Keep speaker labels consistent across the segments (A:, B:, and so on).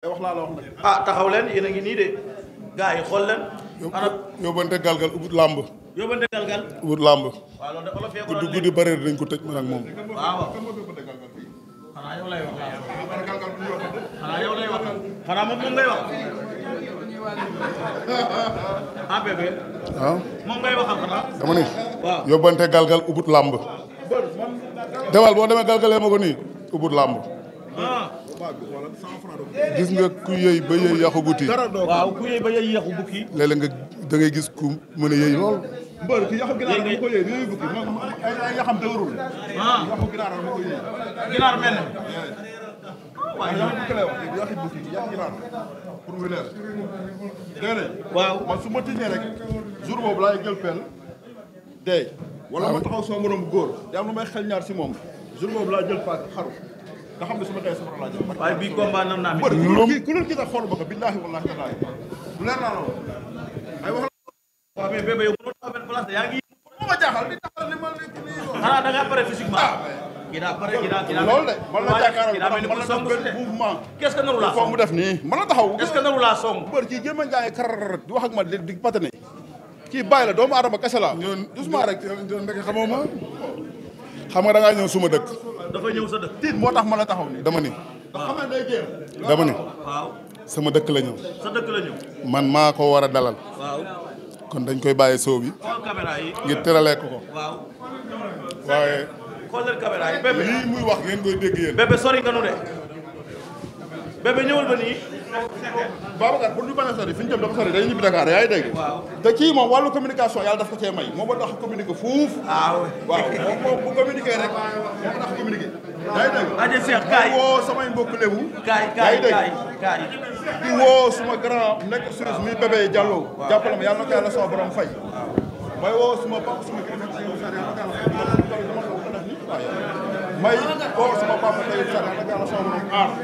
A: Eh, wax wax nag ah taxaw leen yéen a ngi nii de gars yi xool leen.
B: yóbbante galgal ubbi làmb. yóbbante dañ ko tëj man ak moom.
A: Ah, ah?
B: làmb. demal boo demee galgalee ma ko nii ubbi làmb.
A: Ah. gis nga ku yëy ba yëy yàqu buti. waaw ku yëy
B: ba bukki. léeg nga da gis ku mën a yëy lool.
A: mbër ki yàqu ginaar da
B: ko yëy yëy bukki
A: ay ay yaxam te warul. ah ko yëy. ginaar mel na. bukki ah, yàqu waaw man su ma rek jour boobu laay jël peel dee. wala ma ah. taxaw sama góor. yaa am lu xel ñaar si moom jour boobu laa jël paak xaru. nga xam ne su ma tey safara laa jëm. waaye bii combat nam naa. mbër ku dul gis ak xool ba ko billaahi wallaahi tallaahi bu leer naa la woon. waaw mais bébé yow nii. xanaa da ngaa pare physiquement. Ah. ginnaaw mu def nii man la taxaw. est-ce que naru laa song. mbër ci jéem a jaay kar di wax ak di patane kii
B: bàyyi la doomu aadama kese la. ñoom doucement rek. ñoom ñoom xam nga xam nga da ñëw suma dëkk. tiit moo tax ma la taxaw nii dama ni. dama ni. sama dëkk la ñëw. man maa ko war a dalal. kon dañ koy bàyyi soo bi. ngir tëralee ko ko. waaye.
A: lii muy wax ngeen koy dégg yéen. bébé ñëwal ba nii. Babacar pour ñu bañ a sori fi ñu jëm dafa sori dañuy ñibbi Dakar yaa ngi dégg. te kii moom wàllu communication yàlla daf ko cee may moo ma tax suma grand nekk suris muy bébé Diallo. waaw jàppale ma yàlla na ko yàlla sama borom fay. may woo sama papa tey sax nag yàlla sama borom aar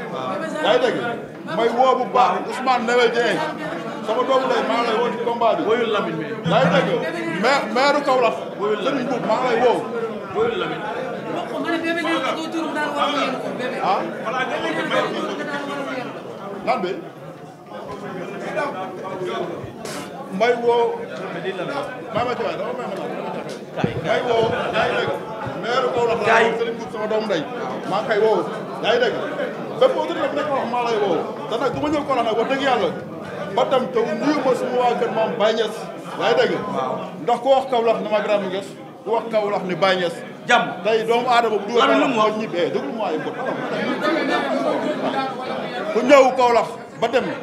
A: yaa ngi dégg may woo bu baax Ousmane Noël Dieng sama doomu day maa ngi lay woo ci combat bi. wóyul Lamine mais. yaa ngi dégg maire maire Kaolack. wóyul Lamine Boub maa ngi lay woo. wóyul Lamine. ah. lan bi. may woo. maa ma ci waay dama may ma may woo. yaa ngi dégg maire Kaolack. sama doom day maa ngi koy woo yaa ngi dégg rek autorité bu nekk wax maa lay woo te nag du ma ñëw Kawlax nag wax dëgg yàlla ba tam te nuyu ma suñu waa kër maam Baye Niass yaa ngi dégg ndax ku wax Kawlax ni ma grand mu gës ku wax Kawlax ni Baye Niass jàmm tey doomu aadama bu dugal Kawlax
B: ñibbi eh, déglu ma waaye mbot ku ñëw Kawlax ba dem